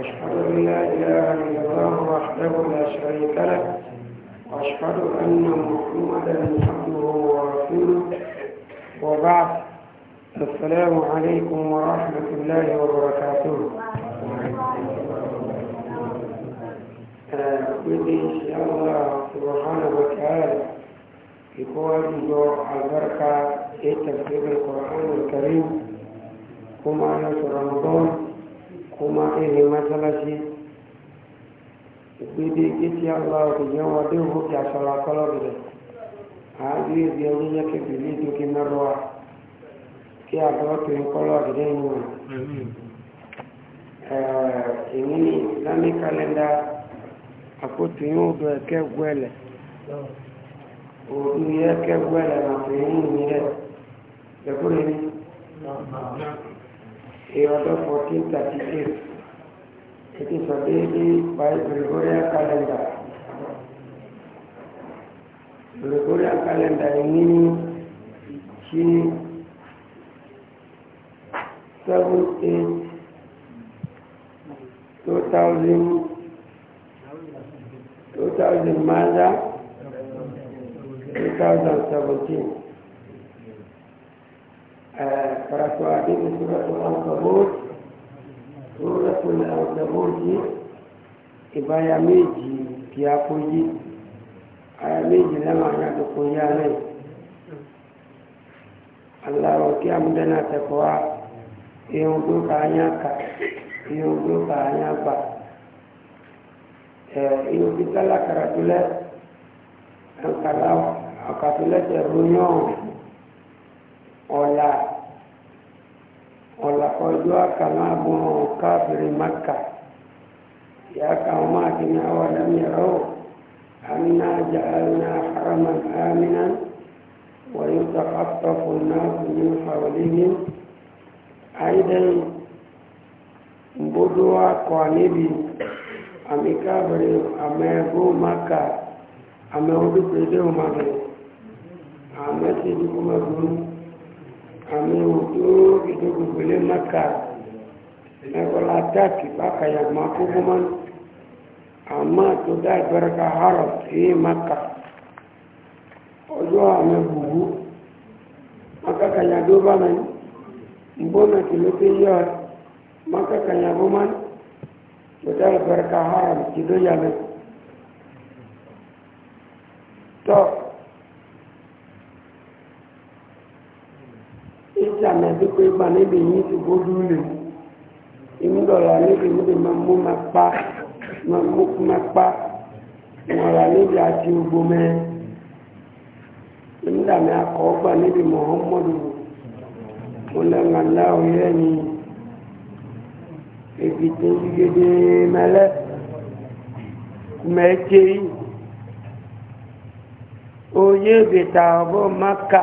أشهد أن لا إله إلا الله وحده لا شريك له وأشهد أن محمدا عبده ورسوله وبعد السلام عليكم ورحمة الله وبركاته إن شاء الله سبحانه وتعالى يكون البركة في تفسير القرآن الكريم كما نشر رمضان kuma irin matsalashi gbede kiti aláwọ̀ kò jẹ́ wọn dé òkú kí aṣọra kọ́lọ̀ rẹ̀ àádú ìbí ọdún yẹ kí bìlí tó kí mẹ́rọ wa kí àbọ̀ tó ń kọ́lọ̀ rẹ̀ yìí wọn. èmi ní kalenda calendar àkótó yìí ó bẹ̀rẹ̀ kẹ́gbọ́ ihe òdu yẹ kẹ́gbọ́ ẹ̀lẹ̀ màtó it is a sọ̀déédé by gregorian calendar gregorian calendar ní ṣí 78 2000 2000 2017 فرسوا عديد سورة العنكبوت سورة العنكبوت إبايا ميجي تياكوجي آيا ميجي لما نتقويا لي الله وكي أمدنا تقوى إيهم دوك عنياكا إيهم دوك عنياكا إيهم بيتالا كراتولة أنكالاو أكاتولة الرنيون ọ̀la ọ̀làkọjọ́ àkànlábùn káàbìrì maka ìyá káwọn máa ti ní àwọn àdámìíràn ọ̀ àmìnà jàánà haraman àmìnà wọ̀nyí tọ́kàtọ̀ fún náà fún ní fàwọlẹ́yìn àìdẹ́yìn mbodo akọ níbi àmì káàbìrì àmẹ́gbó àmì òjò ìdógbògbò lé mẹ́ka ẹ̀kọ́lá àtàkì bákàyà máa kó bó ka àmọ́ tó dá ìbẹ̀rẹ̀ka harrow sí mẹ́ka ọjọ́ àmì gbùgbù mọ́kàkàyà dó bá mẹ́ni mbọ́nà kìlókè yọ mọ́kàkàyà bó mọ́nà tó dá ìbẹ̀rẹ̀ka harrow sí lóyà mẹ́ni. àti pé gbà níbi yìí ti gbójú lè inú dọ̀rọ̀ níbi níbi máa mú máa pa máa mú máa pa wọn rà níbi àti gbogbo mẹ́rin inú akọ̀ ọgbà níbi mọ̀ọ́mọ́dù mo lẹ́nu ni èbì tó ń gèdè mẹ́lẹ́ mẹ́ẹ́kẹ́ yìí oyè bìtà máa kà.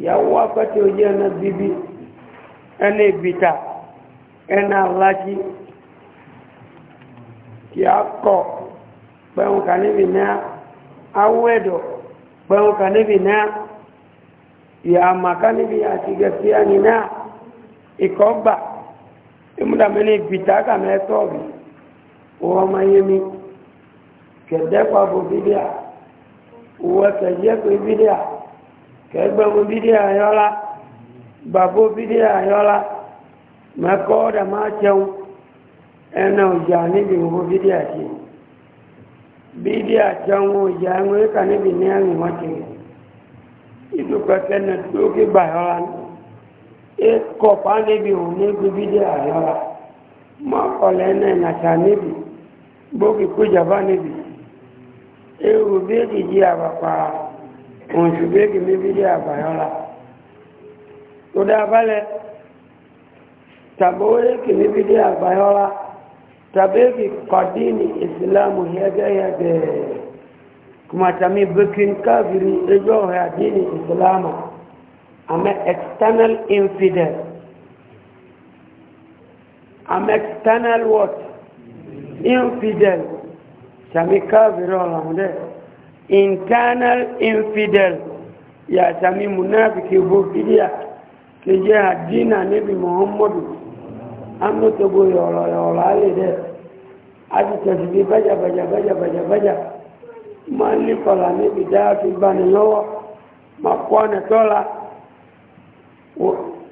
ìyàwó apẹ́tẹ ojú ẹ̀nà bíbí ẹ̀nà ìbìtà ẹ̀nà alájí kí a kọ̀ pẹ̀hùn kà níbi náà awú ẹ̀dọ̀ pẹ̀hùn kà níbi náà ìyàmà ká níbi àti gẹ̀ẹ́sì ẹni náà ìkọ́gbà ìmúdàmẹ́ ní ìbìtà kàmẹ́ tọ́ọ̀bì wọ́n máa yé mi kẹ̀dẹ́pàá bò bídíà wọ́n kẹ̀yẹ́ pé kẹgbẹ́wó bídí àyọ́lá bàbó bídí àyọ́lá mẹ́kọ́ ma máa jẹun ẹnà òjà níbi gbogbo bídí àti bídí àjẹun òjà ẹ̀wọ̀n ẹ̀ka níbi ní ẹ̀rìn wọ́n ti rẹ̀ ìdúpẹ́kẹ́ náà tó kí gbàyọ́lá ẹ̀kọ́ pa níbi ọla ewu òǹṣùgbégi bíbílì àbáyọ́lá tó dá abálẹ̀ tàbówélékì bíbílì àbáyọ́lá tàbéèkì kọ̀dínì ìsìlámù hẹ́gẹ́hẹ́gẹ́ kùmàtàmí bẹ́kín káàkiri ẹjọ́ ọ̀hẹ́ àdínì ìsìlámù àmẹ́ external infidel àmẹ́ external what infidel tàbí káàkiri ọ̀làmùdẹ́ internal infidel yàtàmí munafiki bokidia kì jẹ́ àdínà níbi muhammadu amótógbò yọ̀rọ̀ yọ̀rọ̀ alẹ́ dẹ̀ àtìtẹ̀sí bí bájà bájà bájà bájà bájà máa ń lípọ̀lá níbi dáa fi gbani lọ́wọ́ máa kọ́ ọ̀nà tọ́la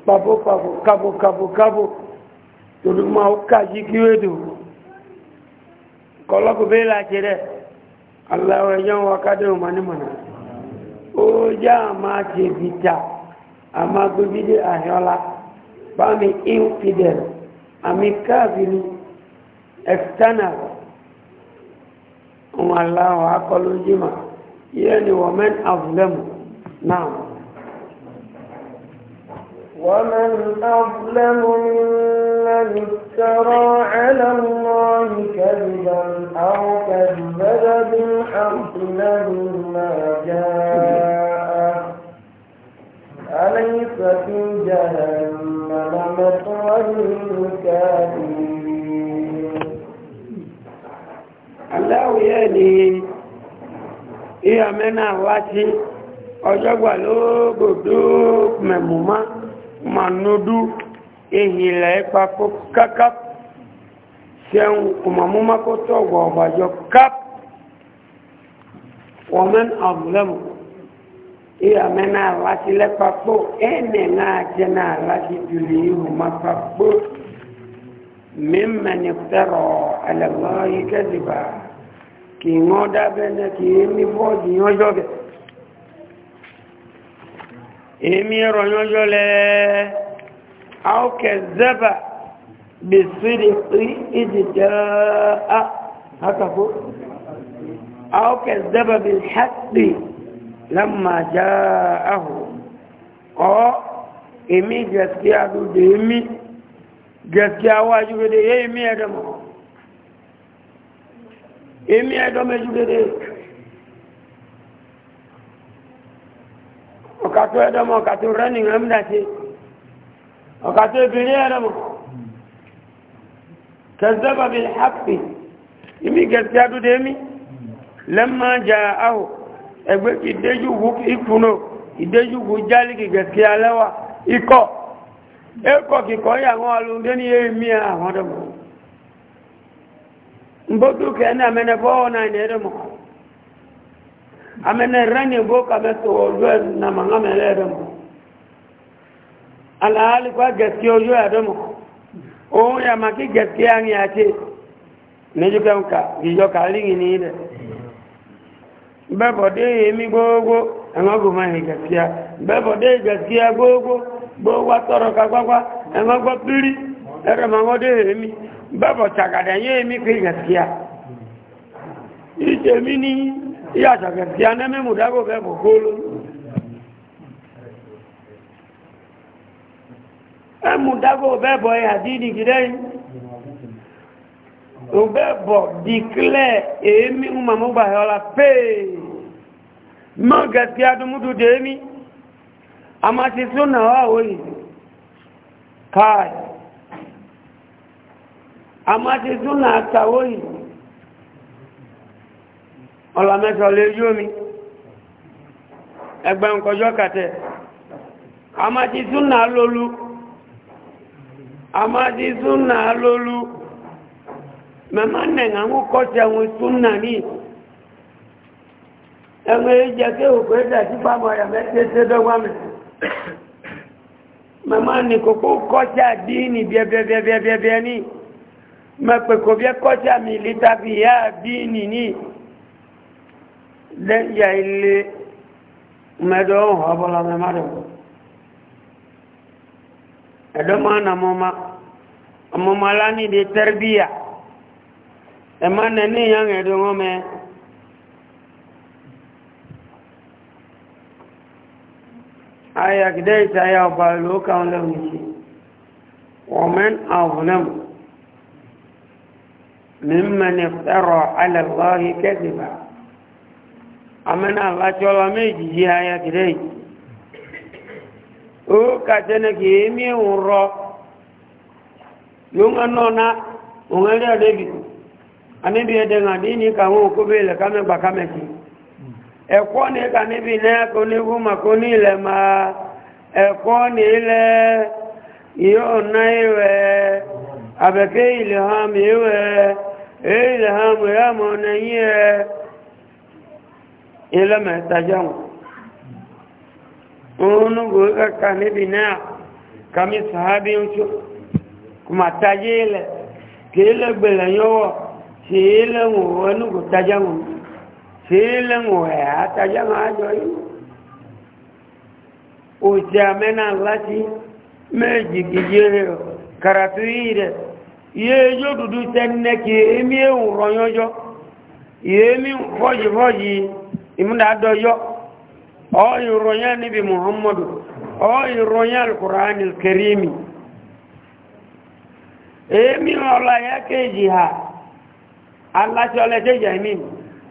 pàbó pàbó kábó kábó kábó tòdú máa ó kà jí kí wédò kọlọ́kù bẹ́ẹ̀ láti rẹ̀ aláwọ̀ ẹjọ́ wọn kádé wọn máa ní mọ̀nà ó já máa ti bí ta a máa gbé bídé àyọ́lá bá mi infidel àmì káàbìrì external wọn aláwọ̀ akọlù jìmà yẹ́ ni wọ́n mẹ́n àfúlẹ́mù náà ومن أظلم ممن ọrụ ala ya i aiaaai oealoomụma manudu ehi ipa kó kákáp sẹ́hun kùmọ̀múmá kó tọ́gbọ̀ ọ̀bàjọ́ káp wọ́mẹ́n ọ̀bùlẹ́mù ìyà mẹ́nà aláti lẹ́pa ẹ̀nẹ̀ náà jẹ́ náà aláti jùlẹ̀ ìhùmá pa kó mímẹ́ ẹlẹ́gbọ́ أو كذب بالصدق إذ جاء هتفو أو كذب بالحق لما جاءه أو إمي جسكي أدو ديمي جسكي أواجه دي إمي أدمه èmi ẹ̀dọ́ méjìlélé ọ̀kàtọ̀ ẹ̀dọ́mọ̀ ọ̀kàtọ̀ رنين mìíràn ọ̀kàtọ́ obìnrin ẹ̀rọ kẹzẹ́bà bi hapi imi gẹ̀ẹ́sì adúdé mi lẹ́mà jà áhù ẹgbẹ́ ìdéjúwú ìkùnà ìdéjúwú jálìkì kìkọ́ yàwọn alùndé ní èémí àwọn ọdọ́mọ mbódúkẹ́ ní amẹ́nẹ́fọ́ náà ní ẹ̀rọ̀mọ̀ na ní na mẹ́sọ̀wọ́ alhali kwa gaske ojo ya domo ohun ya maki gaske an ya ce na jukanka gijo kalingi ni ile bẹ́bọ̀dé èmi gbogbo ẹ̀mọ́gùn máa hì gaskiya bẹ́bọ̀dé gaskiya gbogbo gbogbo tọrọ kagbagba ẹ̀mọ́gbọ́ pírí ẹ̀rọmọ́gọ́dé èmi bẹ́bọ̀ yé ní ẹmu dago bẹ bọ ẹ àdídì gidẹ emi o bẹ bọ dìklẹ èémí mọmọ gbà yọ la pèé mọ gẹsí adumudu dèémí amasi sunna wa wòye káì amasi sunna wòye lè yí omi lólu. àmájí súnà lólú mẹ́má nẹ̀ngà ń kọ́tẹ̀ àwọn súnà ní ẹgbẹ́ jẹ́ kí òkú ẹ̀dà sí pàmọ̀yà mẹ́tẹ́tẹ́ dọ́gbàmẹ́ mẹ́má ní kòkó kọ́tẹ̀ àdínì bẹ́ẹ̀bẹ́ẹ̀bẹ́ẹ̀bẹ́ẹ̀ ní mẹ́pẹ̀kọ̀ bẹ́ kọ́tẹ̀ àmì lítàbí yá àdínì ní lẹ́yà edoma na moma moma lani de terbiya emane ni yang edongo me aya gidai ta ya ba lokan launi ومن أظلم ممن افترى على الله كذبا أمن الله تعالى ميجي هاي كذلك o ka emi unro yunga nona ungeli adebi dị ka ngo kubele kame ba kame ka na ilẹ̀ máa ẹ̀kọ́ ní ilẹ̀ yóò ná ìwẹ̀ àbẹ̀kẹ́ ilẹ̀ hàm ìwẹ̀ ilẹ̀ ọ na nẹ̀yìn Ile ilẹ̀ mẹ́ta onu goga kane bina kami sahabi uncho kuma tajele kele bela yowo kele mu wonu go tajangu kele mu ya tajangu ajo yi o jamena lati meji kijere karatu ire ye yo dudu tenne ki emi e uroyojo ye mi foji foji imunda doyo ọ̀yìn ròyìn níbi muhammadu ọ̀yìn ròyìn alkùránì kìrìmì èémí ọ̀la ya kéèjì ha aláṣọ́lẹ̀ kéèjì àmì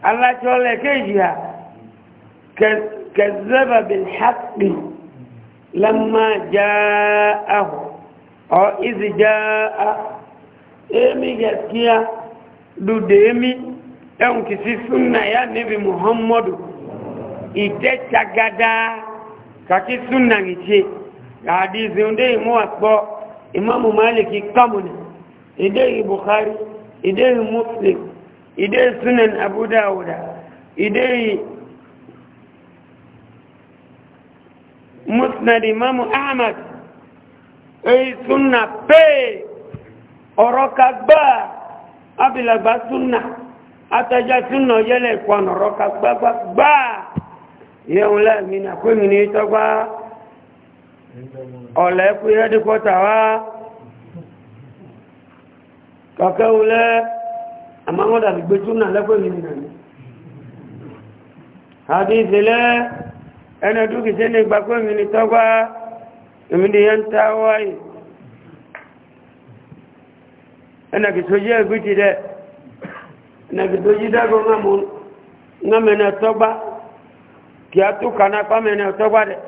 aláṣọ́lẹ̀ kéèjì ha kẹzẹ́bà bin haqqi lamma já ahù ọ̀ ìzì já a èémí gaskiya dùdèémí ẹ̀hùn kìí sí súnnà níbi muhammadu ìtẹ́tsagada kàti súnà nìtse kàdí zèndé ìmú àkpọ́ ìmọ̀mù máàlìkì kọ́mùnì ìdé yìí buhari ìdé yìí muslim ìdé yìí sunan abudawuda ìdé musnad ìmọ̀mù ahmad èyí súnà péè ọ̀rọ̀ kagbá abilagba súnà atajà súnà yẹlẹ̀ kwan ọ̀rọ̀ kagbá gbá. yẹun lẹ́mí na kúrò ní tọ́gbá ọ̀lẹ́ kú ẹ́dìkọ́ta wá kọ̀kẹ́ ulẹ́ àmàwọ́dà gbé túnà lẹ́kọ̀ọ́ ní nàní àdíṣẹ́lẹ́ ẹni dúkìsẹ́ ní gbàkúrò ní tọ́gbá ìmìdí tọ́gbá kí a tó kaná pàmẹ́nà ọ̀tọ́gbádẹ̀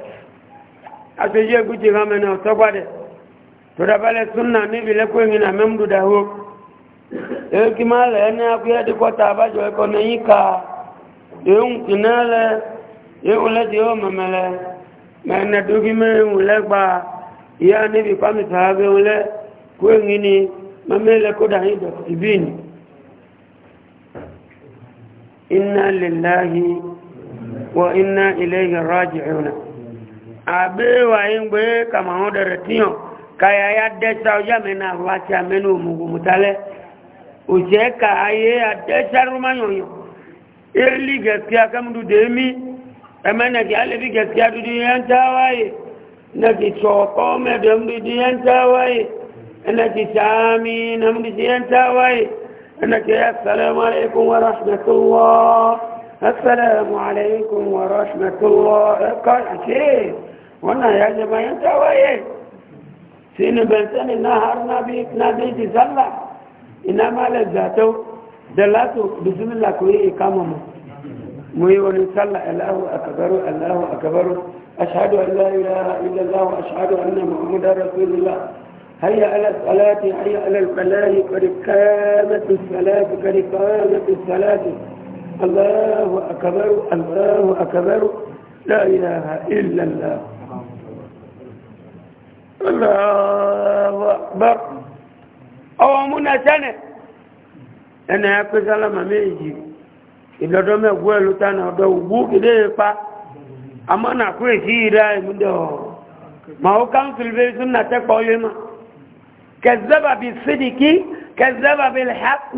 aṣojú ẹgbùjì pàmẹ́nà ọ̀tọ́gbádẹ̀ tó dábálẹ̀ súnà níbi lẹ́kọ́ ìrìnà mẹ́mdùdà hó èkì máa lẹ̀ ní akúyẹ́dẹ́kọ́ta àbájọ ẹkọ́ nẹ́yìn ka èhùn kìnnẹ́lẹ̀ èhùn lẹ́tì yóò ni wa inna ilayhi raji'un abe wa ingbe kama hodere tiyo kaya ya desa oja mena wacha amenu mungu mutale ujeka aye adesa rumanyoyo irli gaskiya kam du demi amana السلام عليكم ورحمة الله قال شيء وانا يا جماعة انت وين سين بنتين النهار نبي نبي تسلى إنما لذاته دلاته بسم الله كوي إقامة ميون سلى الله أكبر الله أكبر أشهد أن لا إله إلا الله وأشهد أن محمدا رسول الله هيا على الصلاة هيا على الفلاح قد قامت الصلاة قد قامت الصلاة الله أكبر الله أكبر لا إله إلا الله الله أكبر أو منا سنة أنا أكو سلام ميجي إذا دم أقول تانا دو بوك ديبا أما نقول سيرا مدو ما هو كان في البيت سنة تقول كذب بالصدق كذب بالحق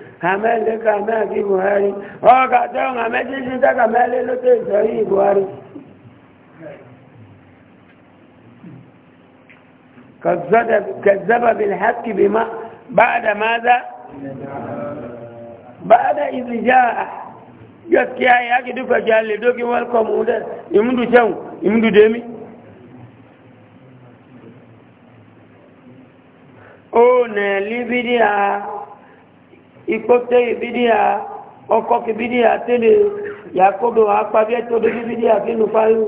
àmẹ́lẹ́ ká mẹ́ẹ̀kí buhari ọkà tẹ́wọ̀n àmẹ́jì sí tẹ́kà mẹ́lẹ́ ló tẹ́ ìsọ̀rí buhari كذب بالحق بما بعد ماذا بعد إذ جاء gaskiya ya ki duka jale doki welcome wuda imundu can imundu demi ikpote ibidia ọkọ kibidia tele yakodo akpabia todo kibidia kinu fayu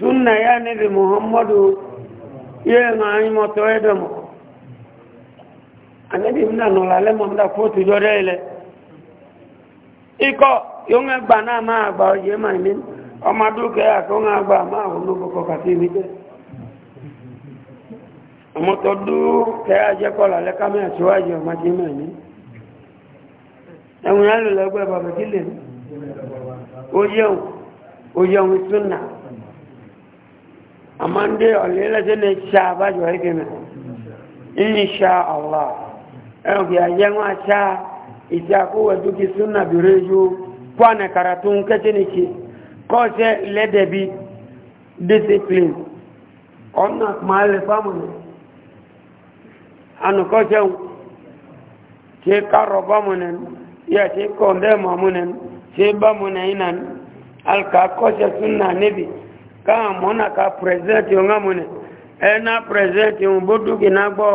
sunna ya nabi muhammadu ye ma ni moto edomo anabi mna no la le mo mda fotu ile iko yonga gba ma agba oye ma ni gba máa wọn ló kàtí mi jẹ́ ẹ̀wùn yà lò lẹ́gbẹ́ bàbá kí lè ó yẹun ó yẹun ń dé ọ̀lẹ́ lẹ́sẹ̀ ní ṣá àbájọ ẹ̀kẹ́ mẹ́ ní ṣá ọ̀la ẹ̀wùn kì í yẹun àṣá àkówẹ̀ tó kí súnà bèrè yó kó àná kàràtú kẹ́sẹ̀ ní ṣe ya ce kondama munan ce ba muna inan alka kose suna nebi ka muna ka present yau nga muna ena present yau budu gina gbo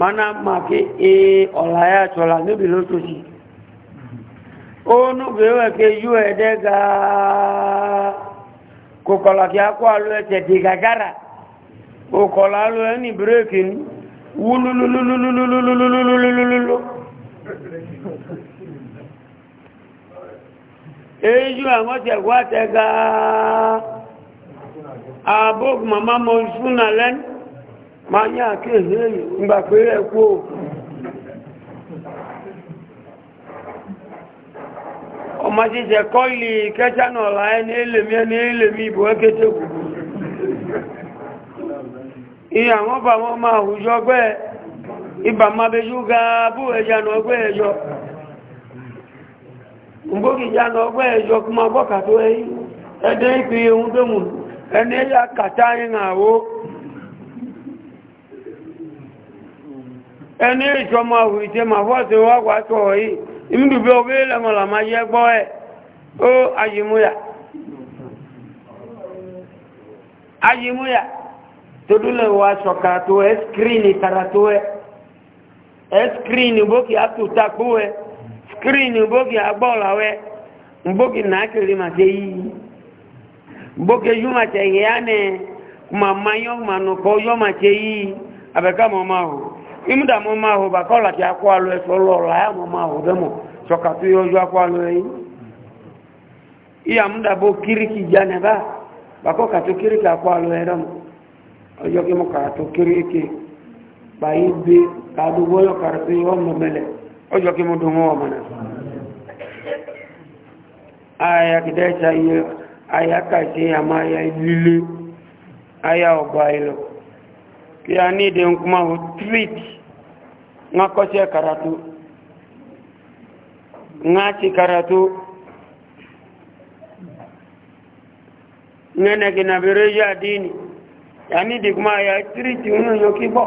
mana maki e ọla lótòsí onu eju àwọn wá tẹ̀ gáà àbókù màmá mọ lẹ́nu ma ní àkéèsí ìgbà pé ẹkú o ọmọ jíjẹ kọ́ ilé kẹjánà ọ̀la ẹni èlèmí ẹni èlèmí ìbò ẹkẹtẹ kù ìyà mgbogi ya na ọgbọ ẹjọ kuma bọ́kà tó ẹyí ẹdẹ ìpè ohun tó mù ẹni ya kàtà yìí nà wó ẹni ìjọmọ àwò ìtẹ mà fọ́ọ̀tì wà wà tọ̀ yìí ìmúdùbẹ́ ọgbẹ́ lẹ́mọ̀lá máa yẹ gbọ́ ẹ̀ ó ayìmúyà ayìmúyà tó dúlẹ̀ wà sọ̀kà tó ẹ skrini tàrà tó ẹ ẹ skrini bókì á tó ẹ. skrin mgbogi agbalawe mgbogi na akịrị maka eyi mgbogi eju macha ihe ya na ma mmanya e. manụ e, ka ọjọ macha eyi abeka mamahụ ịmụda mamahụ baka ọlachi akwụ alụ efe ụlọ ọla ya mamahụ demo chọkatụ ya ọjọ akwụ alụ eyi iya mụda bụ kiriki ja na ebe a baka ọkatụ kiriki akwụ alụ ya demo ọjọ gị mụ katụ kiriki kpa ibe ka adụgbo yọ karịsị ihe ọmụmele ọjọ́ kí mo dùn mọ́ ọmọ náà ayá kìdá ẹ̀sà iye ayá kàìsí àmá ayá ilé ayá ọgbà ilọ̀ kí a ní ìdẹ̀ ohun kúmọ̀ ohun tírìtì ń kọ́sí ẹ̀kàrà tó ń ti kàrà tó ń ẹnẹ́gì nàbẹ̀rẹ̀ yá dìínì a ní ìdẹ̀ kúmọ̀ ayá tírìtì ń yọ kí bọ́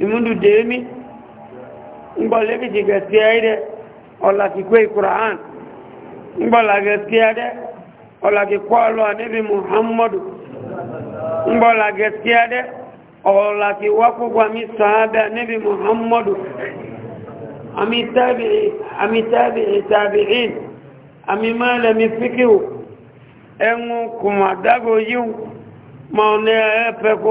emududemi ụbọlevi dị gatsi anyị ɖe ọlaki kwuo ikrahansi ụbọlevi gatsi aɖe ọlaki kwuo aloe anebi mụ ha mmọdụ ụbọlevi gatsi aɖe ọlaki wakwuu bua miso a baa anebimu ha mmọdụ ami tabili tabili ami malami fikriwu eŋu kụma dabo yiwu ma ọ na-efe ka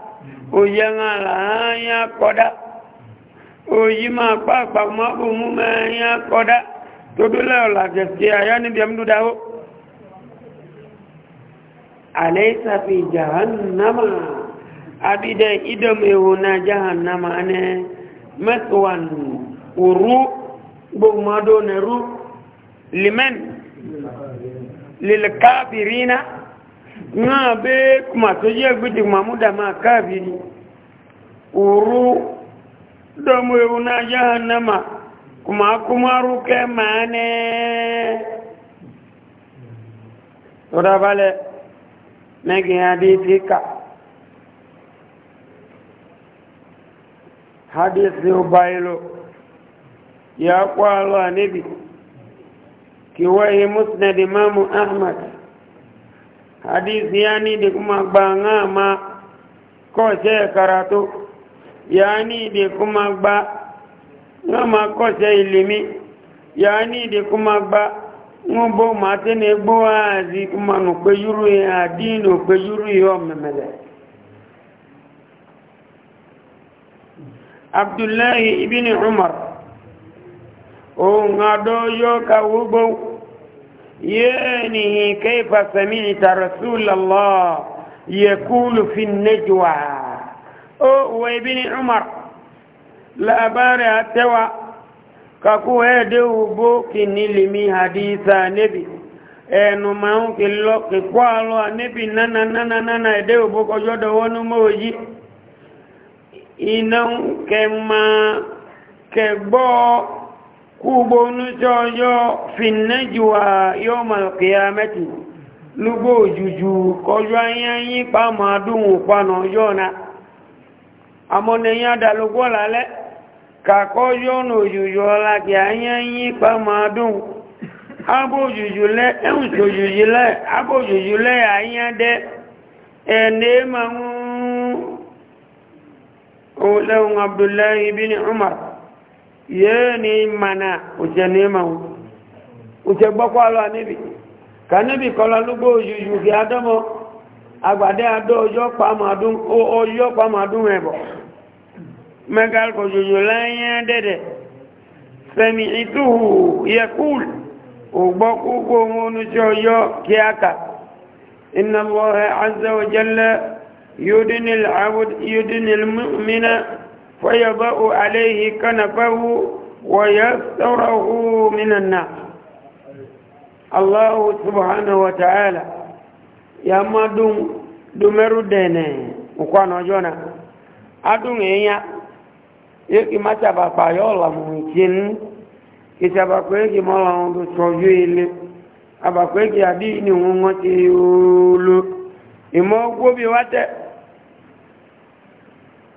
òye ńlá láàáyá kọ́dá òyí máa pàápàá mọ́bù mú mẹ́rin kọ́dá tó dúlẹ̀ ọ̀làjẹ̀ sí ayá níbi ẹmúdúdáwó alẹ́ ìsàfi jahannama abidẹ ìdọ̀mẹ̀wò e na jahannama ní mẹ́sùwàn òru gbogbo mọ́dún ẹ̀rú limen lilkafirina náà kuma kùmà tó ma gbìdì ma máa káàbìrì òru dọ́mù ewu náà jahannama kùmà kuma kẹ́ máa nẹ́ tọ́dábalẹ̀ mẹ́gìn adé ti kà ụba ubailo ya kwalo anibi kiwahi musnad imamu ahmad hadithi yani de kuma gba ngama ko se karatu yani de kuma gba ngama ko se ilimi yani de kuma gba ngbo ma te ne gbo azi kuma no pe yuru e adin pe yuru yo e memele abdullahi ibn umar o ngado yo ka wugo يانه كيف سمعت رسول الله يقول في النجوى أو وابن عمر لا باري أتوى كاكو هدو بوكي نلمي حديثا نبي ẹnu máa ń kí lọ kíkọ́ àlọ́ àníbì nánà nánà nánà ẹ̀dẹ́ òbókọjọ́ dọ̀wọ́ ní mọ́ òyí iná kẹ máa kẹgbọ́ kúgbó onújọ́ ọjọ́ fìnnẹ́jùwà yóò mọ̀ kìyàmẹ́tì lúgbó òjújú kọjú ayáyí ma adúnwò pànà ọjọ́ ọ̀nà amọ́nẹ̀yìn adàlógún ọ̀lálẹ́ kàkọ́jú ọ̀nà òjújú ọlá kì ayáyí pàmọ́ ma abó òjújú lẹ́ yee ni mana uche ni ma uche gbakwa ala nibi ka nibi kola lugbo ojuju ki adomo agbade ado ojo pa ma dun ojo pa lẹ́yìn dede fẹmi ituhu yekul ogbokugo ohun onuche ojo فيضأ عليه كنفه ويستره من النار الله سبحانه وتعالى يا ما دوم دومرو دينه وكانوا جونا adun eya yeki macha bapa yola muichin kisaba kweki mola undu choju ile aba kweki adi ni ngongo ti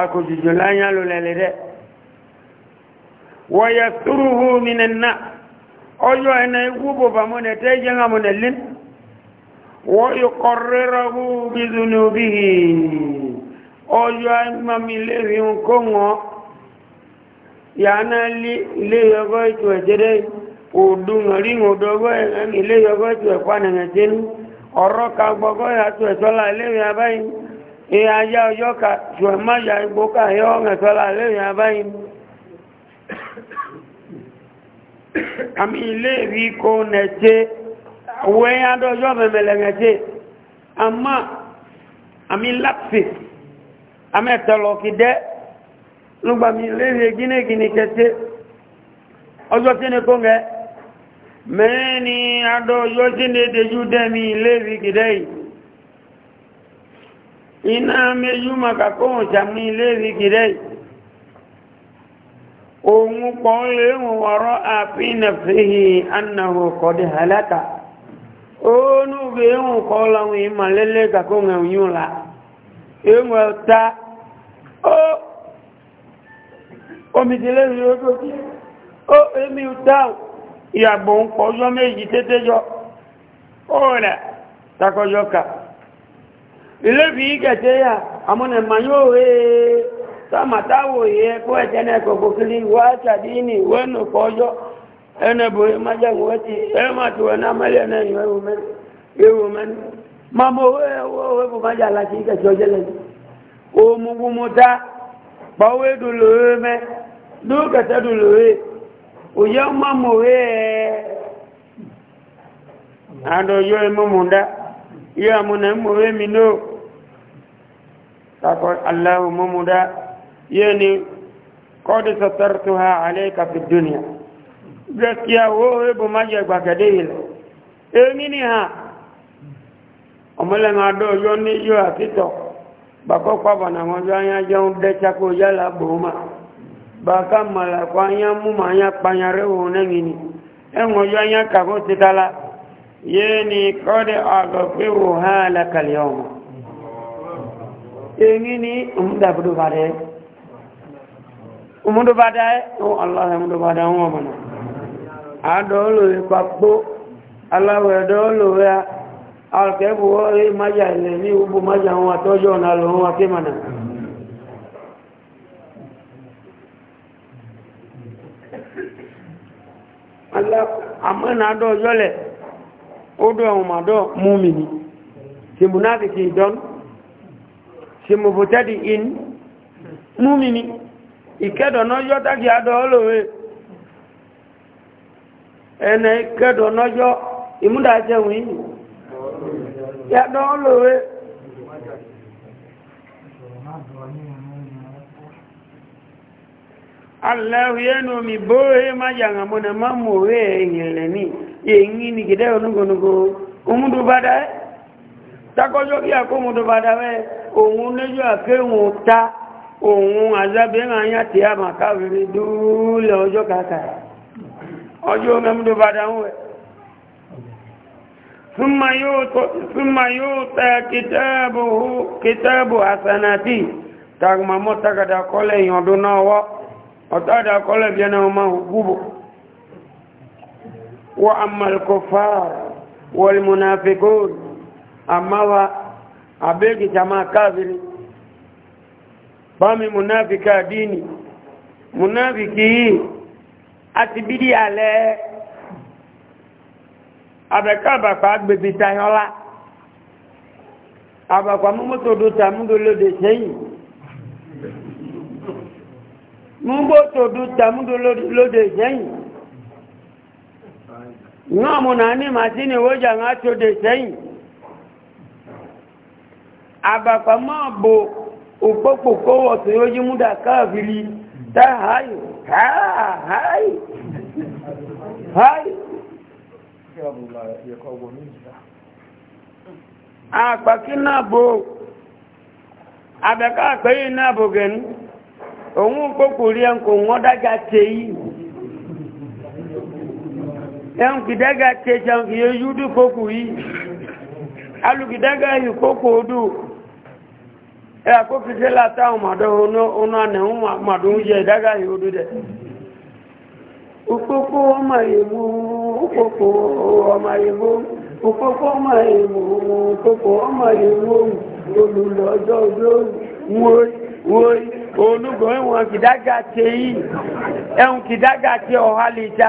akòjòjò láyá ló lẹ́lẹ́ dẹ́ wọ́yẹ̀ túrùhù mìnà náà ọjọ́ ẹ̀nà ikú bòbà múnà tẹ́ jẹ́ ńlá múnà lín wọ́yẹ̀ kọ̀rẹ́rọ̀hù bízúnú bí ọjọ́ ẹgbàmí lérí ńkó wọn yàánà ilé yọgọ́ ètò ẹ̀jẹ̀dẹ́ òdùn rí òdọ́gọ́ ilé ìyá ajá ọjọ́ ka ṣùgbọ́n má yà igbó ká yọ ọ̀rẹ́ tọ́lá lẹ́yìn abáyín àmì ilé ìrí kó nẹ̀tẹ́ wẹ́yìn adọ́jọ́ mẹ́mẹ́lẹ̀ nẹ̀tẹ́ àmà àmì lápsì àmẹ́tẹ̀lọ́kìdẹ́ lúgbà mi ilé ìrí gínégíní kẹtẹ́ ọjọ́ tí ni kó ngẹ mẹ́rin adọ́jọ́ tí ni mi ile iná méjúmọ̀ kàkóhùn sàmì ilé ìrìkìrẹ́ òun pọ̀ ń lè wọ̀n wọ̀rọ̀ àfihàn fihì annahu kọ̀dí halata ó núgbé kọ́ lọ́wọ́ ìmọ̀lẹ́lẹ́ kàkóhùn ẹ̀yùn la pọ̀ ọjọ́ méjì tẹ́tẹ́jọ́ ó rẹ̀ takọjọ́ ilébi ìgẹ̀tẹ́ yà àmúnẹ̀ mà yóò rẹ̀ sàmàtàwò yẹ kó ẹ̀tẹ́ náà kòkò kiri wá tàbí ní wẹ́nu kọjọ́ ẹnẹ̀bù májẹ̀wò ti ẹ̀màtí wẹ̀ náà náà ma mọ̀ owó bù májà láti ìgẹ̀tẹ́ ọjọ́ lẹ́nu òmùgbùmùta pàwé dùlòwé mẹ́ dúkẹ̀tẹ́ dùlòwé òyẹ́ ọmọ mọ̀wé ẹ̀ àdọ̀yọ́ ẹmọ́mùdá yẹ́ àmúnẹ̀ mọ̀wé mi kakọ aláwọ̀ mọ́múdá yé ni kọ́dí sọ̀tọ̀rọ̀tù ha alẹ́ kàfi dúnìá gaskiya wo ebo ma jẹ gbàgede èmi e, ni ha ọmọlẹ́nu adó yọ ní yọ àtìtọ̀ bàkọ́ pàbọ̀ nà wọn yọ anya jẹun dẹ́tsako yálà bòómà bàkà mọ̀lẹ́kọ̀ anya mú ma anya kpanyarẹ́wò nẹ́yìn ni ẹ̀wọ̀n e, yọ anya kàkó titala yé ni kọ́dí àgọ̀fẹ́wò ha lẹ́kàlẹ́ ọ̀mọ̀. èyí ni ọmọdàbọdọbàdà ẹ ọmọdọbàdà ẹ ọmọ aláwọ ọmọdọbàdà wọn ọmọ náà àádọ́ọ̀lòwé papò aláwọ̀ ẹ̀dọ́ọ̀lòwé alkẹ́bùwọ́ rí májà ilẹ̀ ní ugbò májà wọn àtọ́jọ́ na lòun wa kí mànà àmọ́nàádọ́ọ̀jọ́lẹ̀ ṣe mo bò tẹ́dì in mú mi ni ìkẹ́dọ̀ náà yọ́ tàbí àdọ́ olóòwe ẹnẹ ìkẹ́dọ̀ náà yọ́ ìmúdàjẹun yìí yàdọ́ olóòwe aláwòyẹ́nu mi bóòrè má yàrá mọ́nà má mọ̀ rẹ̀ èyàn lẹ́ni èyí ni gẹ̀dẹ́ onúgbònúgbò omúdúbádá ẹ́ takọjọ́ bí àkóhun tó bá dáwẹ́ òun lójú àkéhun ta òun àzábẹ́rẹ̀ ayá tí a máa káàkiri dúúlẹ̀ ọjọ́ kàkàrà ọjọ́ mẹ́mdó bá dáwọ́ ẹ̀ súnmà yóò tẹ́ kìtẹ́bù àsànàtì tagmamọ́ takada kọ́lẹ̀ ìyàndó náà wọ́ ọ̀tọ́dà kọ́lẹ̀ bí ẹnà ọmọ gúbò wọ́n amàlùkọ́ fáà wọ́n mùnàfikóòrì amawa abeki jamaa kafiri bami munafika dini munafiki atibidi ale abekaba kwa agbebi tayola abakwa mumoto do tamudolo de seyin mumoto do tamudolo de seyin náà mo nà ní màtí ni wọ́n jà ń de sẹ́yìn abakwa ma bụ okpokpoko otu oji muda kavili ta hayo ha hayo hayo akpaki na bụ abaka na bụ gani onwe okpokpori ya nke onwe daga teyi ẹnkìdága tẹjọ yóò yúdú kókù yìí alùkìdága yìí kókù odù ẹ̀yà kó fi ṣe látàwọn oúnjẹ ìdága ìhòdó ọmọ èèmù òpópó ọmọ èèmù òpópó ọmọ èèmù òpópó ọmọ èèmù olùlọ́jọ́ ojú wọ́n wọ́n olùgbò ìwọ̀n kìdága ṣe yìí ẹ̀hùn kìdága ṣe ọ̀hálẹ̀ ìjà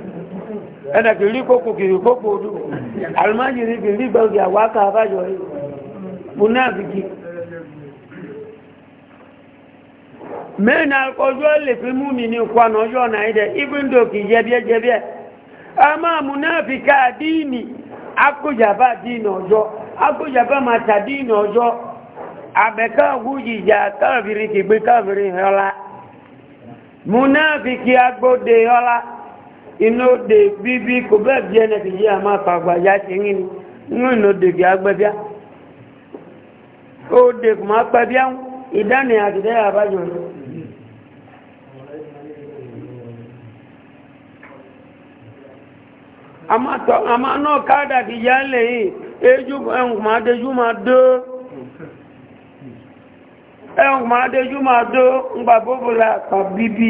ẹnà na rí kókò kìí kókò odò alùmájìrí kìí rí gbọ́gì àwákà àbájọ munafiki mẹ́rin alkọjọ́ lè fi mú mi ní kwànà ọjọ́ náà ìdẹ̀ ibùndó kìí jẹbiẹjẹbiẹ a máa munafika dìínì akójàbá dìínì ọjọ́ akójàbá màtà dìínì ọjọ́ àbẹ̀ká kìgbé inú de bíbí kò bẹ́ẹ̀ bí ẹnẹ kìí yá máa fa àgbàjá ṣe yín ni inú ìnà òde kìí agbẹ́bíá òde kò máa pẹ́ bíá ìdánìyàn àtìdẹ́yà àbájọ náà. àmá náà káàdà kì yá lè yìí ejú máa dejú máa dó ń gbà pàbíbí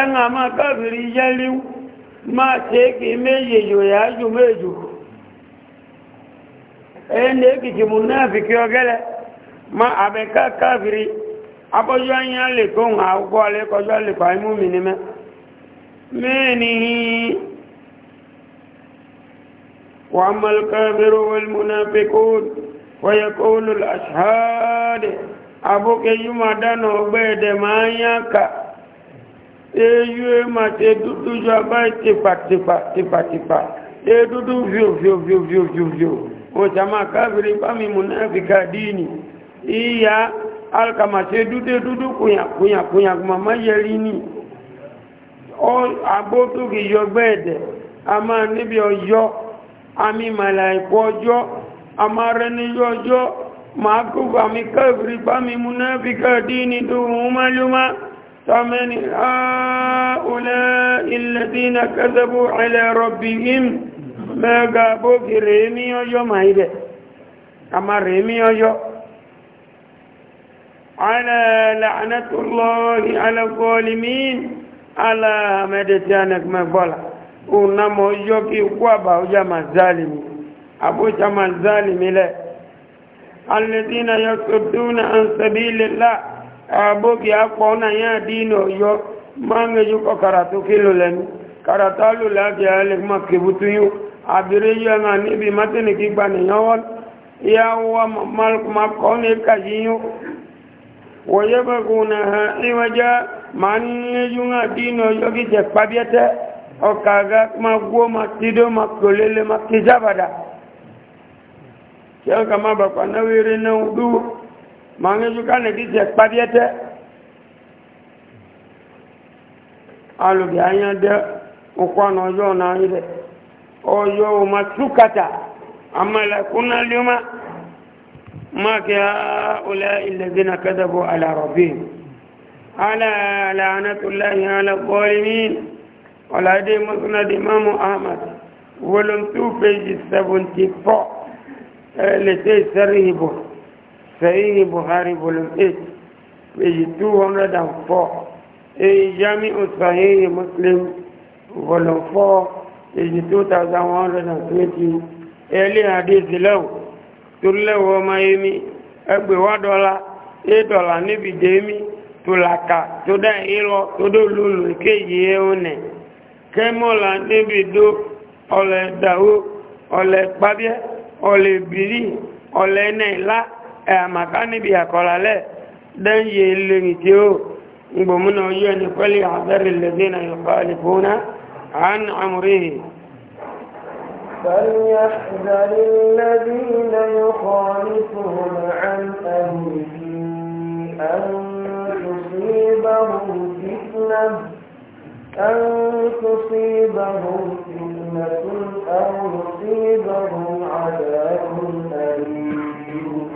ẹ̀nà máa káàkiri yẹ́lú máa ṣe kí méjèjò yáájú méjò ẹ̀yìn lè mú náà fi kí ọgẹ́lẹ̀ ma àbẹ̀ká káàkiri abọ́jú ayé lè kóhùn àwọ́gbọ́ alẹ́kọjọ́ lè pàí mú mi ní mẹ́ mẹ́ni وأما الكافر والمنافقون ويقول الأشهاد eyu emate edudu pa te tipa tipa tipa tipa edudu vio vio vio vio vio vio ọjàmà káfìrí bámi múnáfíkà díìnì ìyá alkamase dúdé dúdú kùnyàkùnyà kùnyàkùnyà má yẹrí ní agbótókì yọgbẹ́ ẹ̀dẹ̀ a máa níbi ọjọ́ àmì màláìkú ọjọ́ a máa rẹ níyọ ọjọ́ màá kó bàmí káfìrí bámi múnáfíkà díìnì tó hùn mọ́lúmọ́ فمن هؤلاء الذين كذبوا على ربهم ما قابوا في ريمي وجو ما إذا أما ريمي وجو على لعنة الله على الظالمين على مدتانك مفلا ونمو جوكي وابا وجمع الظالمين أبو جمع الظالمين الذين يصدون عن سبيل الله aboki akpɔ na ya diini ɔyɔ mangeju kɔ karatu kilo lɛnu karatu alu la bi ale kuma kebutu yu abiri yu ɛŋa nibi matini kigba ni nyɔwɔ ya wa mal kuma kɔ ne kaji yu wɔyɛ bɛ ko na ha iwadza mangeju ŋa diini ɔyɔ ki tɛ kpabiɛ tɛ ɔkaga kuma go ma tido ma kolele ma kizabada tiɛ kama bakpa na wiri na wudu mangejuka nekise kpabiete alubi anya de ukwano ojo na ile oyo umasukata amala kuna lyuma maki haulai alladhina kadhabu ala rabbihim ala la'natullahi ala dhalimin waladi musnad imam ahmad volume 2 page 74 letay sarhibu sahih buhari volume 8 page 204 a jami muslim volume 4 page 2120 early hadith law tullewo mayimi ẹgbẹ̀wá dọ́là e dọ́là níbi dèémí tolaka tó ìlọ tó lulu kéyìí ẹ̀húnẹ̀ kẹ́mọ́là níbi dó ọlẹ̀ dàwó pàbíẹ́ ọlẹ̀ bìrì àmàká níbi àkọlálẹ̀ dẹ́yẹ lẹ́yìn tí ó gbòmúnà yóò ní pẹ́lú àbẹ́rẹ̀ lẹ́dínà yọ̀kọ́ àlìfóná عن عمره فليحذر الذين يخالفون عن أمره أن تصيبهم فتنة أن تصيبهم فتنة أو يصيبهم عذاب أليم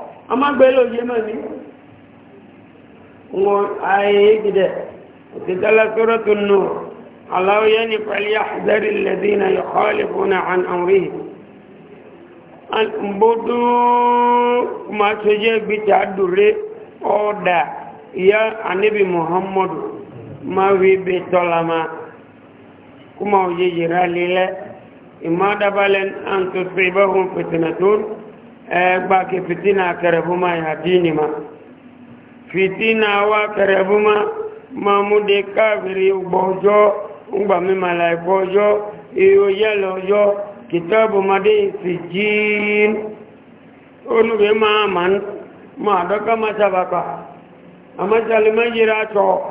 amágbélò yé mọ́ ní wọn ayé gidẹ òtítọ́lá sọ́rọ́ tó nù aláwọ̀ yẹn ní pẹ̀lú àdẹ́rì lẹ́dínà yọ̀kọ́lẹ̀ fún àwọn àwòrí mbódú máa tó jẹ́ gbìtà dùré ọ̀dà ìyá anábì muhammadu máa wí bẹ tọ́lama kúmọ̀ òye yìí rálẹ̀ lẹ́ ìmọ̀ dábàlẹ̀ àǹtọ̀sọ̀ ìbáhùn pẹ̀tẹ̀nà tó rú Egba ke fitina karabuma ya dini ma fitina wa karabuma ma mu de kafiri bojo ngba mi mala bojo iyo yelo yo kitabu ma de sijin onu be ma man ma da ka ma sabaka ama jali ma jira to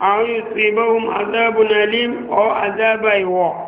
ayu tibum adabun alim o adabai wa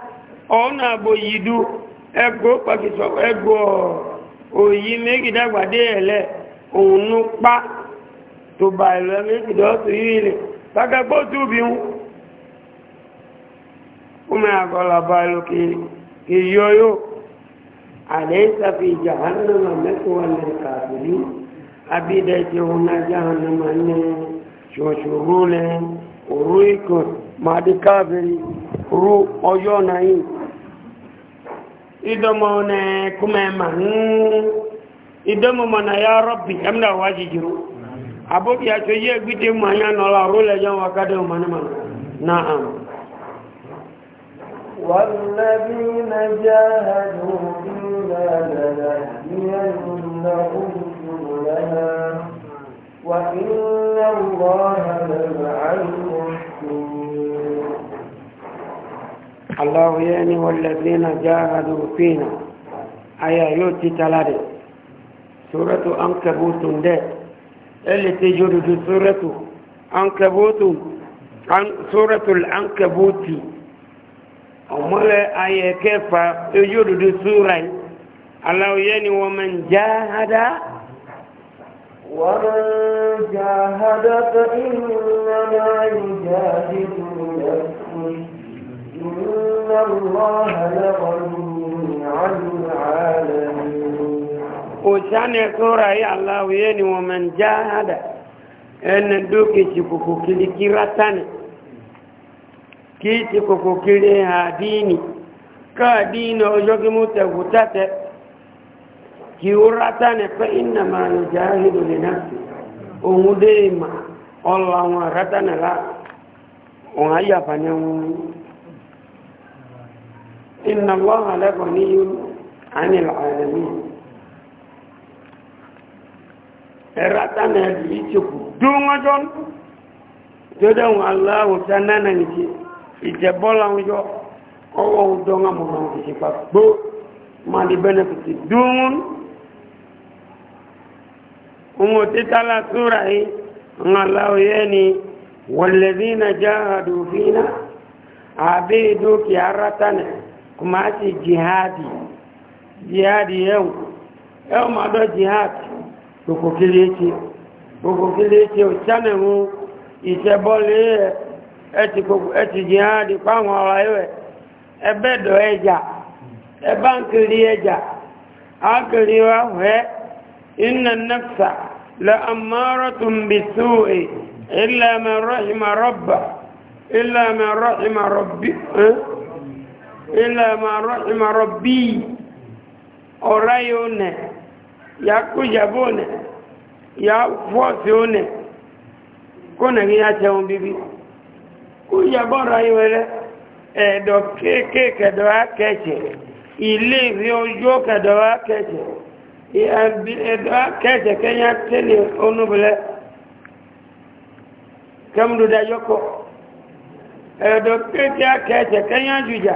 ọ̀nà àbò yìí ego ẹgbò ego ẹgbò òyí méjìdágbàdé ẹ̀lẹ́ òun pa tó bá ìlú méjìdọ́tù yìí lè túbí ń kúmẹ àgọ́làbà ìlú kì àlẹ́ ìsàfi ìjà hannama mẹ́kọ̀ọ́ amẹ́ríkà ru ọjọ́ na yìí idomo na kuma man na ya rabbi amna wajijiru abobi ya to ye gbite mu anya no la ru le yan wakade mu mana mana na'am والذين الله يعني والذين جاهدوا فينا آية يوتي تلادي سورة أنكبوت اللي تجد في سورة أنكبوت عن سورة الأنكبوت أمال آية كيف يجد في سورة الله يعني ومن جاهد ومن جاهد فإنما يجاهد نفسه إن الله لغني عن العالمين وشان سورة يا الله ويني ومن جاهد أن دوكي شكوكو كيلي كيراتاني كي شكوكو كيلي هاديني كاديني وجوكي متغوتاتي كيوراتاني فإنما نجاهد لنفسي ومديما الله وراتاني لا وهي فنيوم إن الله لغني عن العالمين الرأتان يجيك دون جون جدون الله سنانا يجي ìjẹ̀bọ́lá ọjọ́ ọwọ́ ọdọ́ ọmọ òṣìṣẹ́ pàgbó ma di benefit dùn ohun títàlá súra yìí ń aláwòyé ni wọ̀lẹ̀dínà jáàdù fínà àbí dúkìá rátánẹ̀ kuma a ce jihadi jihadi yau yau ma dọ jihad kokokilete kokokilete sanemu ìṣẹ́bọ́lé ẹti jihadi fáwọn ọ̀rọ̀ ẹ̀wẹ̀ ẹbẹ́dọ̀ ẹjà ẹbá ń kiri ẹjà ákiri wá wẹ́ iná nafsa lọ amọ́rọ̀tún bí súwé ilẹ̀ mẹ́rọ̀ ìmọ̀ rọ́bà ilẹ̀ mẹ́rọ̀ ìmọ̀ rọ́bì ẹ́ إلا ما رحم ربي أريون يا كجبون يا فوسون كنا يا تيون بيبي كجبون رايول ẹ̀dọ̀ kéèkéèkẹ̀dọ̀ akẹ́ẹ̀kẹ́ ilé ìrí ojú kẹ̀dọ̀ akẹ́ẹ̀kẹ́ ẹ̀dọ̀ akẹ́ẹ̀kẹ́ kẹ́yà tẹ́lẹ̀ onúbẹ̀lẹ̀ kẹ́mùdúdá yọ́kọ̀ ẹ̀dọ̀ kéèkéèkẹ́ kẹ́yà jùjà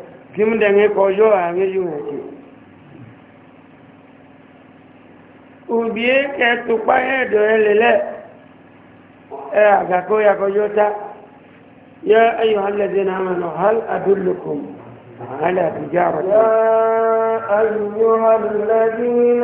kí mú dẹ̀mí kọjọ́ ààrẹ yóò rẹ̀ jù òbí ẹ̀kẹ́ tó páyẹ̀ ẹ̀dọ̀ ẹlẹ́lẹ́ ẹ àgàkó yakọjọ́ ta yẹ ẹ̀yọ̀ alẹ́dẹ́ náà mẹ́nà hal adúlùkùn على تجارة يا أيها الذين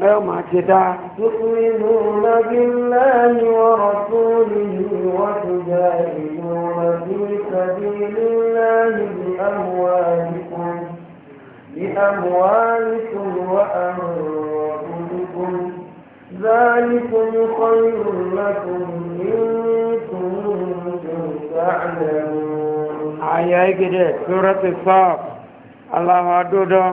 ما كدا تؤمنون بالله ورسوله وتجاهدون في سبيل الله بأموالكم بأموالكم وأنفسكم ذلكم خير لكم إن كنتم تعلمون آية كده سورة الصاف الله أدودهم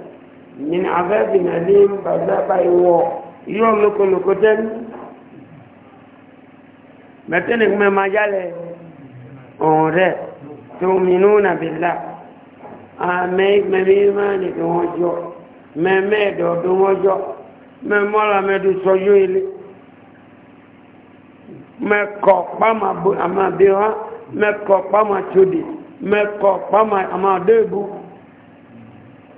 min azabin alim bazaba iwo yo loko loko ten metene kuma majale ore tuminuna billah ame me imani dojo me me do dojo me mola me du soyo me ko pama ama biwa me ko pama chudi me ko pama ama debu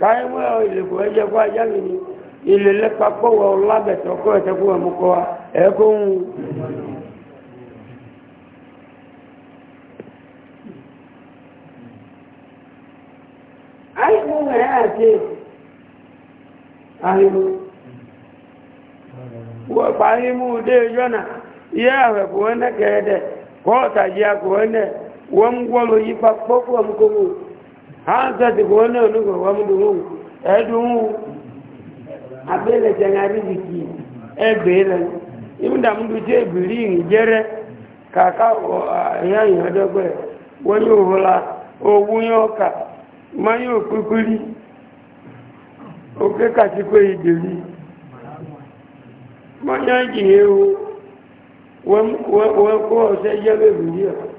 Ka mú ẹ ìlẹkọ ẹjẹ kó ajá mi ni ilé lẹpa kọwọ ọlábẹtọ kọ ẹtẹ kó wa ẹ kó ẹ àti àhìmú wọ́n parí mú dé jọ́nà yẹ àwẹ̀ hankali kuona unugo wa mdu huu edu huu abele changari ziki ebele imda mdu je bilini jere kaka yayi hadogwe wani uhula ogunyoka mayo kukuli oke katikwe idili manya jihewu wọ́n kó ọ̀sẹ̀ jẹ́ lórí yìí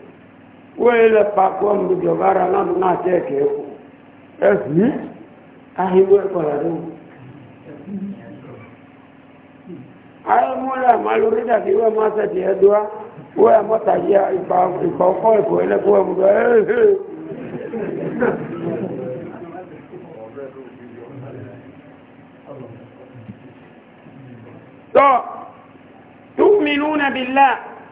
wele pakọ mgbe jọbara na m na-achọ eke ekwu efu ahịgwe kọrọ ayé múlẹ̀ máa lórí dàbí wọ́n máa sẹ̀tì ẹ̀dùá wọ́n ẹ̀ mọ́ta yẹ ìpa ọkọ̀ ìkò ẹlẹ́kùn ẹ̀ múlẹ̀ ẹ̀hẹ́ tọ́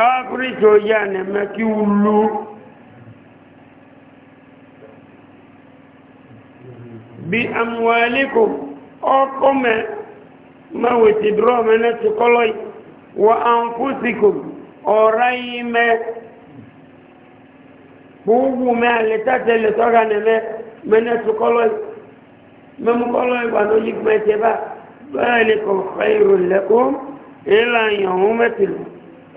káfírí tó yá ni mẹ́kí wúlú bí amúhálíkò ọkọ́ mẹ́ máa wètì dúró mẹ́lẹ́ ti kọ́lọ́ yìí wọ àǹfúsìkò ọ̀rá yìí mẹ́ gbogbo mẹ́ àlẹ́tàtẹ̀lẹ̀ sọ́gà ni mẹ́ mẹ́lẹ́ ti kọ́lọ́ yìí mẹ́mú kọ́lọ́ yìí wà lójú mẹ́tẹ́ bá bẹ́ẹ̀ ni kò fẹ́ ìròlẹ́kùn ìlànà ìhùn mẹ́tìlú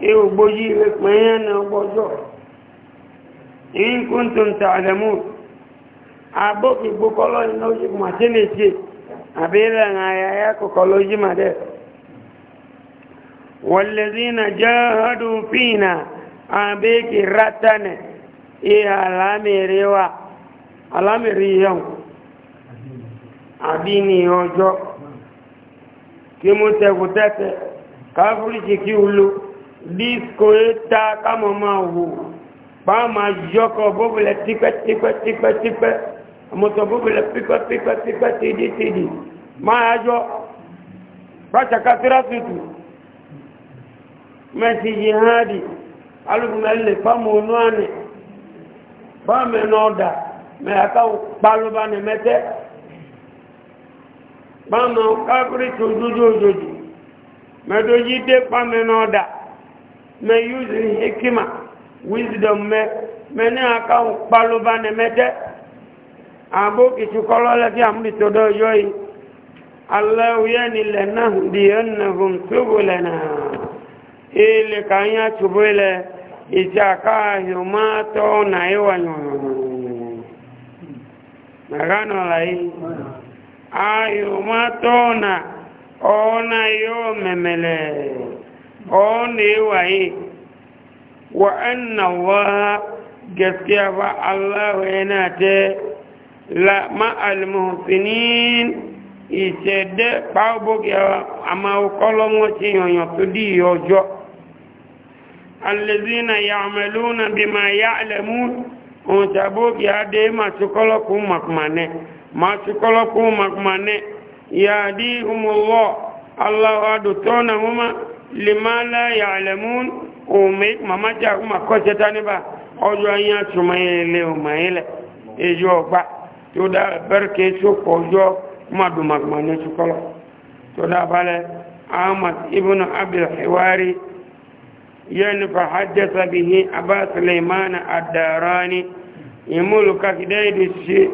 ewu gbójí rẹ̀ pẹ̀yẹ́ ní ọgbọ́jọ́ in kuntum ta'lamu abókì gbókọ́lọ́ iná ojú kùmà tí lè ṣe àbílẹ̀ àyàyà kòkòlò ojú mà dẹ̀ wọ̀lẹ̀dínà jahadu fina àbíkì rátánẹ̀ ìhà alámìrí wa alámìrí yẹn àbí ní ọjọ́ díkò ta kámọ̀ máa wò bá máa yọkọ̀ bóbulẹ̀ típẹ́típẹ́típẹ́típẹ́ àmọ́tọ̀ bóbulẹ̀ pípẹ́pípẹ́pípẹ́ tìdítìdì máa yájọ́ pàṣàkà tírásìtù mẹ́sì yìí alùpùpùlẹ̀ fáwọn onú ànì fáwọn ẹ̀nà ọ̀dà mẹ́àká pálọ́bá ní mẹ́tẹ́ fáwọn káàkiri tó dúdú òjòjì mẹ́tọ́ yí dé fáwọn ẹ̀nà ọ̀dà me yuzi hikima wisdom mɛ me ne yà ká kpaloba ne mɛ abo kìtì ndị lɛ fi àmì tó dɔ yɔ ni le na di yɛn nahu tóbo lɛ ka ń yà tóbo lɛ ìjà ahịa la yi ne waye wa annallaha gaskiya ba Allah yana ta la ma'al muhsinin ìṣẹ̀dẹ́ pàábókẹ́ àmà ọkọ́lọ́wọ́ tí yọ̀nyọ̀ tó dí ọjọ́ alẹ́zínà ya àmàlúnà bí ma yá alẹ́mú ohun tàbókẹ́ adé ma tukọ́lọ́kún makmanẹ́ ma tukọ́lọ́kún makmanẹ́ yàdí umùlọ́ aláwọ̀ adùtọ́nà mọ́má limala ya'lamun ume mama ja kuma ko jeta ni ba ojo anya tumaye le umaile ejo ba to da barke so kojo kuma du magmane su kala to da bale ahmad ibn abdul hiwari yani fa haddatha bihi aba sulaiman ad-darani yamuluka kidaidu shi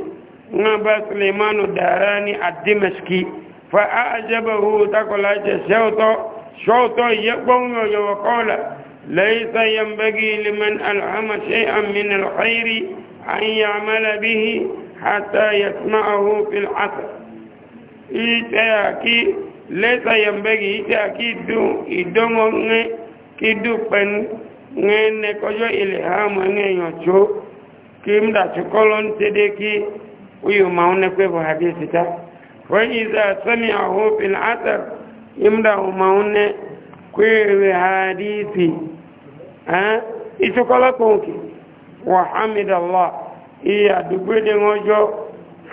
ngaba sulaiman ad-darani ad-dimashqi fa a'jabahu takola shawto شوطا يقوم وقال ليس ينبغي لمن ألهم شيئا من الخير أن يعمل به حتى يسمعه في العصر إتاكي ليس ينبغي إتاكي دو إدومو كدو بن ngene kojo ilham ngenyo cho kimda chukolon tedeki uyu maune kwevo hadithi ta wa iza sami'ahu fil athar imda umaune kwewe hadithi eh itokola konki wa hamidallah iya dugwede ngojo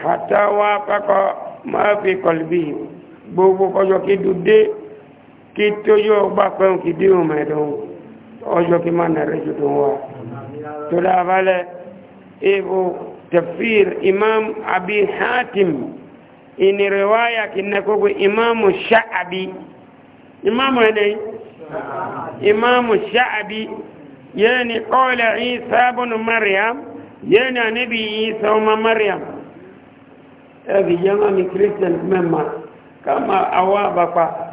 hata wa pako ma fi qalbi gbogbo kojo ki dude ki toyo gba pe ki di o medon ojo ki mana rejo to wa to da vale imam abi hatim ini riwaya kinnakogo imamu sha'abi imamu ene imamu sha'abi yani qala isa ibn maryam yani nabi isa wa maryam hadi jamaa ni christian mema kama awa kwa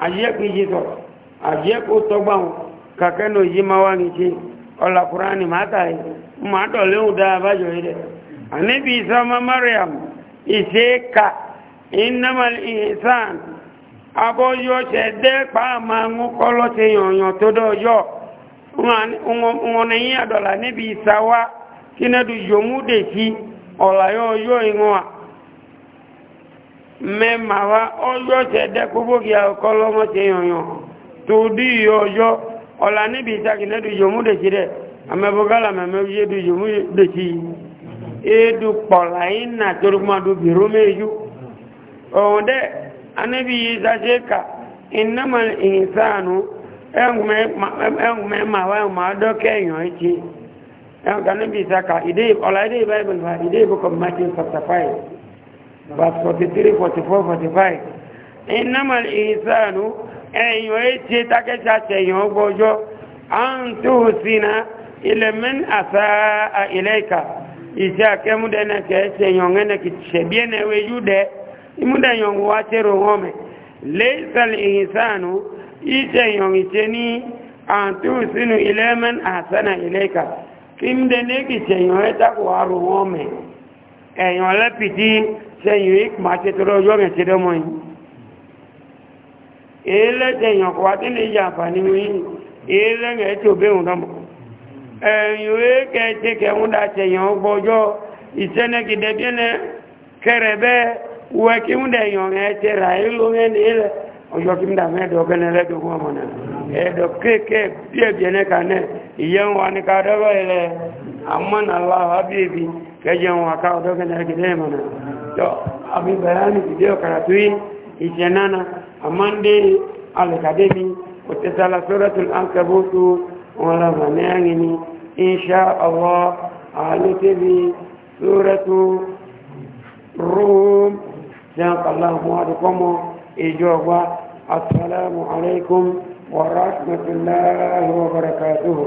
ajiye kujito ajiye kutogba kakeno yima wangi ola qur'ani mata ma do le uda bajo ile anibi isa wa maryam ìṣeéka ka ìhìsàn abóyó ṣe dé pàmà ń kọ́ lọ́sẹ̀ yọ̀nyàn tó dọ̀yọ̀ wọn ní àdọ̀là níbi ìsáwá kí náà dè sí ìwọ̀n à mẹ́mà wá ọyọ́ ṣe dé àkọ́ tó dí ọ̀là níbi náà dè sí rẹ̀ àmẹ́bọ́gálà mẹ́mẹ́ yé du yòmú dè sí yìí. edu kpɔla yi na toromado biro meju ɔn dɛ anabi ka inama insanu ɛnkumɛ ma ma wa ma dɔ kɛ nyɔ ide ide bible fa ide yi bɔkɔ matthew verse forty three forty inama insanu antu sina ise akemude na kese nyonge na kitishebie na we yude imude nyongu wache rohome leisa lihisanu ise nyongi cheni antu sinu ilemen asana ileka kimde ne nyonge ta kwa rohome enyon le piti chenyo ik mache toro yonge chidomo yin ele chenyo kwa tini japa ni wii ele nge chobe unamu ẹ̀yìn rẹ̀ kẹ́ẹ̀tẹ́ kẹ́wọ́n dàtẹ̀ yàn gbọ́jọ́ ìsẹ́nẹ́gidẹ́bíẹ́nẹ́ kẹrẹ̀bẹ́ wẹ́kíwúndẹ̀ yàn ẹ̀tẹ́ rà ílò ẹni ilẹ̀ ọjọ́ kí mdà mẹ́ẹ̀dọ̀ gẹ́nẹ́ lẹ́dọ̀gún ọmọnà ẹ̀dọ̀ kéèkéè bí ẹ̀bìẹ́nẹ́ kanẹ́ ìyẹn wa ní káàdọ́rọ̀ ilẹ̀ àmọ́nàlá àbíyèbí kẹjẹ wọn káàdọ́ gẹ́nẹ́ gẹ́nẹ́ ìmọ̀nà tó àbíbẹ̀rẹ̀ ìdíyẹ karatu yìí ìṣẹ̀nánà àmọ́ndé alẹ́kàdémi òtẹ́sàlá sórẹ́tùl àǹkẹ́bótó wọn lọ́gbà mẹ́rin ni inṣá ọwọ́ àlótẹ́bí lórẹ́tò rome jẹ́ǹkàlá àwọn adùkọ́mọ ìjọ ọgbà assalamu alaikum wa rahmatullahi wa barakatuhu